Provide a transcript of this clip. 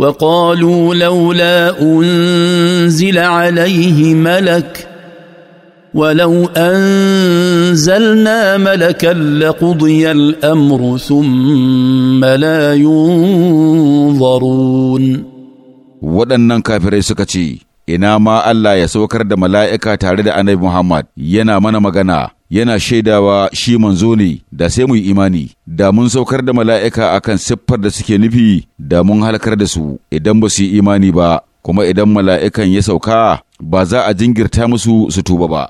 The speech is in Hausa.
وقالوا لولا انزل عليه ملك ولو انزلنا ملكا لقضي الامر ثم لا ينظرون waɗannan kafirai suka ce ina ma Allah ya saukar da mala'ika tare da annabi Muhammad yana mana magana yana shaidawa shi manzo ne da sai mu yi imani da mun saukar da mala'ika akan siffar da suke nufi da mun halkar da su idan ba su yi imani ba kuma idan mala'ikan ya sauka ba za a jingirta musu su tuba ba